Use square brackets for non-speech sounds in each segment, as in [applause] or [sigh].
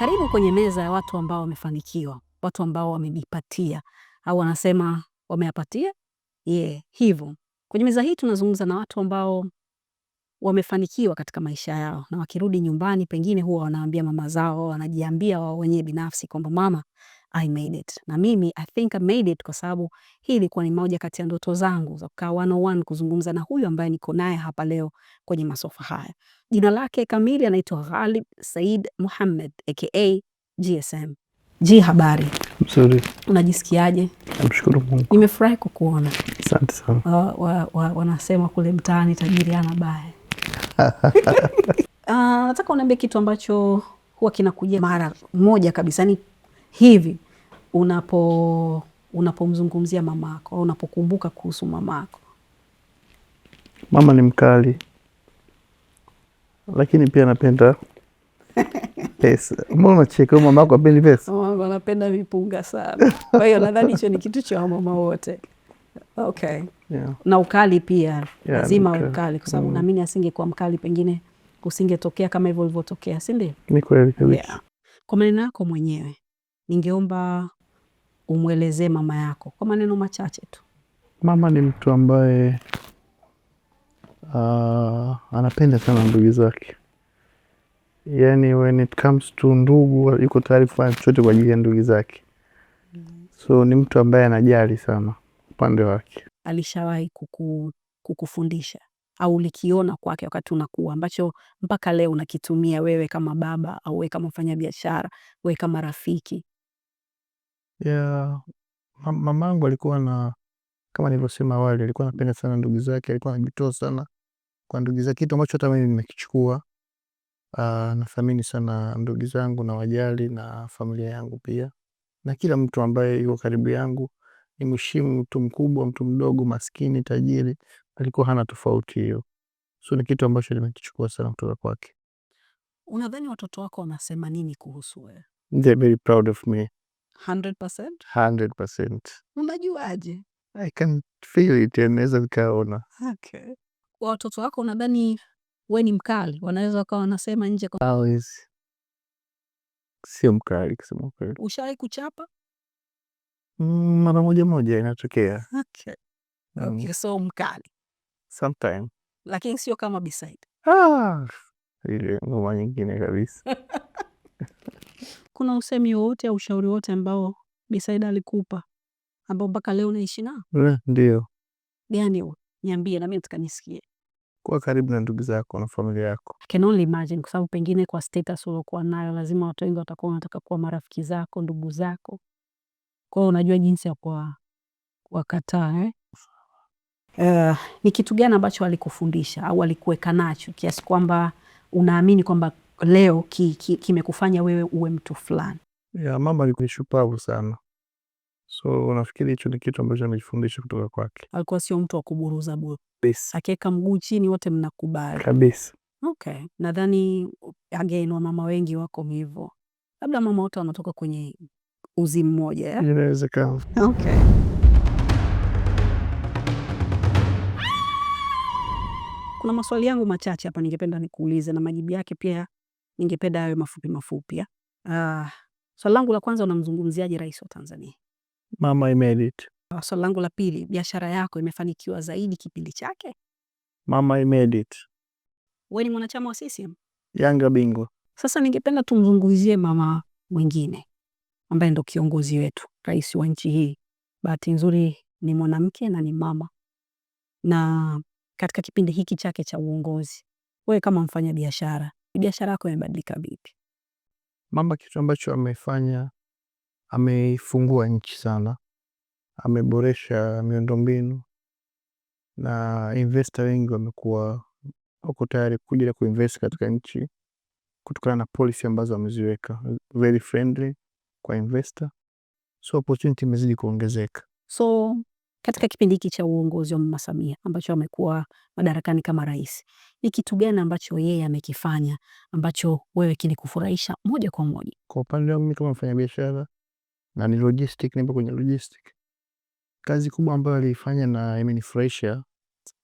Karibu kwenye meza ya watu ambao wamefanikiwa, watu ambao wamejipatia au wanasema wameapatia yeah. Hivyo kwenye meza hii tunazungumza na watu ambao wamefanikiwa katika maisha yao, na wakirudi nyumbani pengine huwa wanaambia mama zao, wanajiambia wao wenyewe binafsi kwamba mama I made it. Na mimi I think I made it kwa sababu hii ilikuwa ni moja kati ya ndoto zangu za kukaa one on one kuzungumza na huyu ambaye niko naye hapa leo kwenye masofa haya. Jina lake kamili anaitwa Ghalib Said Muhammad aka GSM. Ji, habari? Mzuri. Unajisikiaje? Namshukuru Mungu. Nimefurahi kukuona. Asante sana. Wa, wa, wa, wanasema kule mtaani tajiri hana baya. [laughs] Uh, ah, nataka uniambie kitu ambacho huwa kinakuja mara moja kabisa, yani hivi unapo unapomzungumzia mama yako au unapokumbuka kuhusu mama yako? Mama ni mkali, lakini pia anapenda [laughs] pesa. Mbona unacheka? apendi pesa? anapenda vipunga sana. Kwa hiyo nadhani hicho ni kitu cha mama wote. Okay. Yeah. Na ukali pia lazima yeah, ukali kwa sababu mm. naamini asingekuwa mkali pengine usingetokea kama hivyo ulivyotokea, si ndio? Ni kweli kabisa. Yeah. Kwa maneno yako mwenyewe ningeomba umwelezee mama yako kwa maneno machache tu. Mama ni mtu ambaye uh, anapenda sana ndugu zake, yani when it comes to ndugu, yuko tayari kufanya chochote kwa ajili ya ndugu zake. So ni mtu ambaye anajali sana upande wake. Alishawahi kuku, kukufundisha au ulikiona kwake wakati unakuwa ambacho mpaka leo unakitumia wewe kama baba au wewe kama mfanyabiashara, wewe kama rafiki? Ya mamangu alikuwa na kama nilivyosema awali alikuwa anapenda sana ndugu zake, alikuwa anajitoa sana kwa ndugu zake, kitu ambacho hata mimi nimekichukua. Uh, Nathamini sana ndugu zangu na wajali na familia yangu pia, na kila mtu ambaye yuko karibu yangu ni nimheshimu, mtu mkubwa, mtu mdogo, maskini, tajiri, alikuwa hana tofauti hiyo. So ni kitu ambacho nimekichukua sana kutoka kwake. Unadhani watoto wako wanasema nini kuhusu wewe? They very proud of me. Unajuaje? I can feel it, naweza nikaona. Okay. Watoto wako unadhani we ni mkali? Wanaweza wakawa wanasema nje kwa... Sio mkali kusema kweli. Ushawahi kuchapa? Mm, mara moja moja inatokea. Okay. Mm. Okay, so mkali sometime, lakini sio kama Bisaid. Ah, ile ngoma nyingine kabisa. [laughs] hakuna usemi wowote au ushauri wote ambao Bisaida alikupa ambao mpaka leo unaishi nao? Eh, ndio. Gani huo? Niambie na mimi tukanisikie. Kuwa karibu na ndugu zako na familia yako. I can only imagine kwa sababu pengine kwa status uliokuwa nayo lazima watu wengi watakuwa wanataka kuwa marafiki zako, ndugu zako. Kwa hiyo unajua jinsi ya kuwa wakataa eh? Uh, ni kitu gani ambacho alikufundisha au alikuweka nacho kiasi kwamba unaamini kwamba leo kimekufanya ki, ki wewe uwe mtu fulani. Ya mama alikuwa shupavu sana, so nafikiri hicho ni kitu ambacho amejifundisha kutoka kwake. Alikuwa sio mtu wa kuburuza bure, akiweka mguu chini wote mnakubali kabisa. Okay, nadhani again wamama wengi wako hivyo, labda mama wote wanatoka kwenye uzi mmoja, inawezekana. Okay. Kuna maswali yangu machache hapa ningependa nikuulize na majibu yake pia ningependa hayo mafupi mafupi. Uh, swali langu la kwanza, unamzungumziaje rais wa Tanzania? Mama made it. Ah, swali langu la pili, biashara yako imefanikiwa zaidi kipindi chake? Mama made it. Wewe ni mwanachama wa CCM? Yanga bingwa. Sasa ningependa tumzungumzie mama mwingine ambaye ndo kiongozi wetu, rais wa nchi hii. Bahati nzuri ni mwanamke na ni mama, na katika kipindi hiki chake cha uongozi, wewe kama mfanya biashara biashara yako imebadilika vipi? Mama kitu ambacho amefanya, ameifungua nchi sana, ameboresha miundombinu na investor wengi wamekuwa wako tayari kuja kuinvest katika nchi kutokana na policy ambazo wameziweka very friendly kwa investor, so opportunity imezidi kuongezeka. So katika kipindi hiki cha uongozi wa Mama Samia ambacho amekuwa madarakani kama rais, ni kitu gani ambacho yeye amekifanya ambacho wewe kilikufurahisha moja kwa moja? Kwa upande wangu mimi kama mfanyabiashara na ni logistic, nipo kwenye logistic, kazi kubwa ambayo aliifanya na imenifurahisha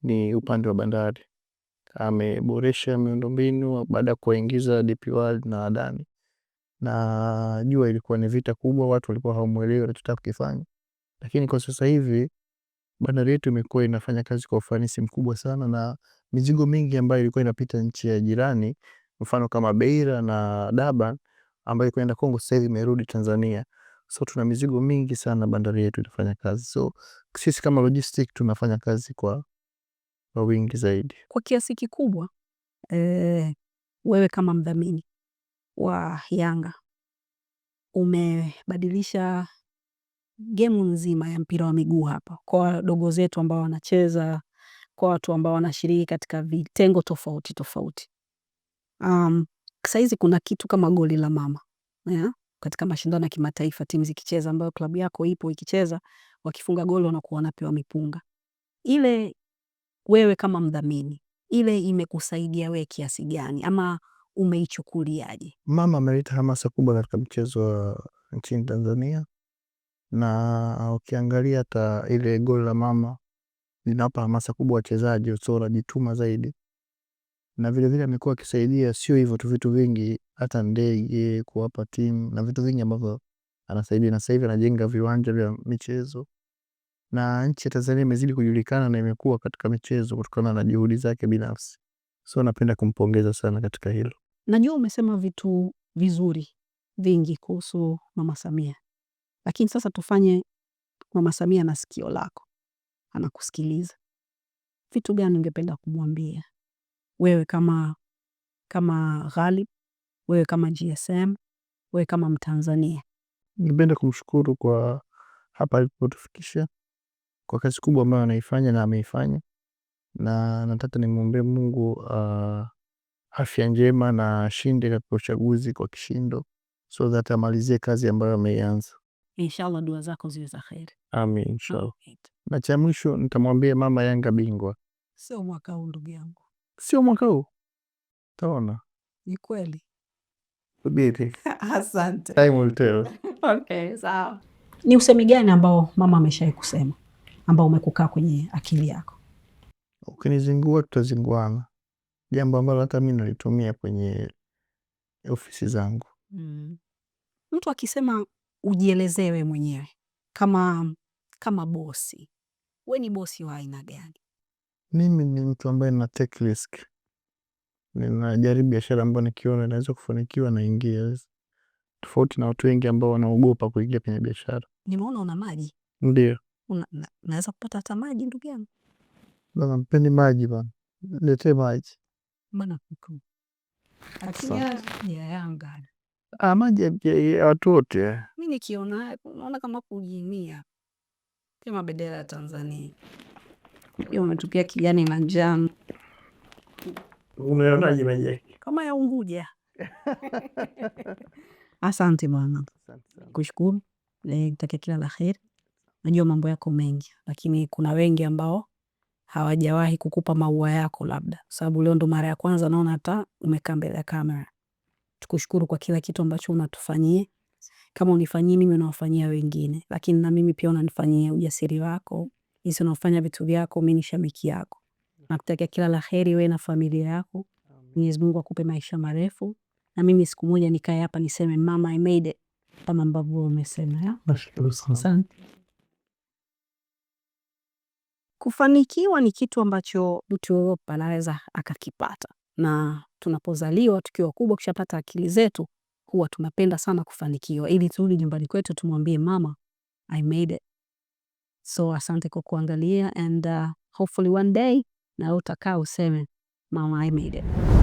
ni upande wa bandari. Ameboresha miundombinu baada ya kuwaingiza DP World na Adani. na jua ilikuwa ni vita kubwa, watu walikuwa hawamwelewi anachotaka kukifanya, lakini kwa sasa hivi bandari yetu imekuwa inafanya kazi kwa ufanisi mkubwa sana, na mizigo mingi ambayo ilikuwa inapita nchi ya jirani, mfano kama Beira na Durban ambayo ilikuwa inaenda Kongo, sasa hivi imerudi Tanzania. So tuna mizigo mingi sana, bandari yetu inafanya kazi. So sisi kama logistic tunafanya kazi kwa kwa wingi zaidi kwa kiasi kikubwa. Eh, wewe kama mdhamini wa Yanga umebadilisha gemu nzima ya mpira wa miguu hapa kwa wadogo zetu ambao wanacheza, kwa watu ambao wanashiriki katika vitengo tofauti tofauti. Um, sahizi kuna kitu kama goli la mama yeah? Katika mashindano ya kimataifa timu zikicheza, ambayo klabu yako ipo ikicheza, wakifunga goli wanakuwa wanapewa mipunga ile. Wewe kama mdhamini, ile imekusaidia wewe kiasi gani ama umeichukuliaje? Mama ameleta hamasa kubwa katika mchezo wa nchini Tanzania na ukiangalia hata ile goli la mama linawapa hamasa kubwa wachezaji, so wanajituma zaidi, na vilevile amekuwa akisaidia, sio hivyo tu, vitu vingi, hata ndege kuwapa timu na vitu vingi ambavyo anasaidia, na sasa hivi anajenga viwanja vya michezo na nchi ya Tanzania imezidi kujulikana na imekuwa katika michezo kutokana na juhudi zake binafsi, so napenda kumpongeza sana katika hilo. Najua umesema vitu vizuri vingi kuhusu Mama Samia lakini sasa tufanye Mama Samia na sikio lako, anakusikiliza. Vitu gani ungependa kumwambia wewe kama, kama Ghalib, wewe kama GSM, wewe kama Mtanzania? Ningependa kumshukuru kwa hapa alipotufikisha, kwa kazi kubwa ambayo anaifanya na ameifanya, na nataka nimwombee Mungu uh, afya njema na ashinde katika uchaguzi kwa kishindo, so that amalizie kazi ambayo ameianza. Inshallah dua zako ziwe za kheri. Amin, inshallah. Na cha mwisho nitamwambia mama Yanga bingwa. Sio mwaka huu ndugu yangu, sio mwaka huu, taona ni kweli. [laughs] Asante. Time will tell. [laughs] Okay, sawa. Ni usemi gani ambao mama ameshawahi kusema ambao umekukaa kwenye akili yako? Ukinizingua tutazinguana, jambo ambalo hata mi nalitumia kwenye ofisi zangu. Mm. Mtu akisema ujielezee wewe mwenyewe kama, kama bosi, we ni bosi wa aina gani? Mimi ni mtu ambaye nina take risk, ninajaribu biashara ambayo nikiona inaweza kufanikiwa naingia, tofauti na watu wengi ambao wanaogopa kuingia kwenye biashara. Nimeona una maji. Ndio naweza na, kupata hata maji ndugu yangu. Bana mpeni maji bana, letee maji bana. Yanga Ah, maji ya watu wote. Mi nikiona naona kama kujimia kama bendera ya Tanzania hiyo umetupia kijani na njano. Umeonaje maji Kama ya Unguja. [laughs] Asante mwana kushukuru eh, nitakia kila la heri. Najua mambo yako mengi, lakini kuna wengi ambao hawajawahi kukupa maua yako, labda sababu leo ndo mara ya kwanza naona hata umekaa mbele ya kamera tukushukuru kwa kila kitu ambacho unatufanyia. Kama unifanyii mimi unawafanyia wengine, lakini na mimi pia unanifanyia. Ujasiri wako jinsi unaofanya vitu vyako, mi ni shabiki yako. Nakutakia kila la heri wewe na familia yako. Mwenyezi Mungu akupe maisha marefu, na mimi siku moja nikae hapa niseme mama I made it, kama ambavyo umesema. Kufanikiwa ni kitu ambacho mtu yoyote anaweza akakipata na tunapozaliwa tukiwa kubwa kishapata akili zetu, huwa tunapenda sana kufanikiwa, ili turudi nyumbani kwetu tumwambie mama, I made it. So asante kwa kuangalia and uh, hopefully one day na utakaa useme mama I made it.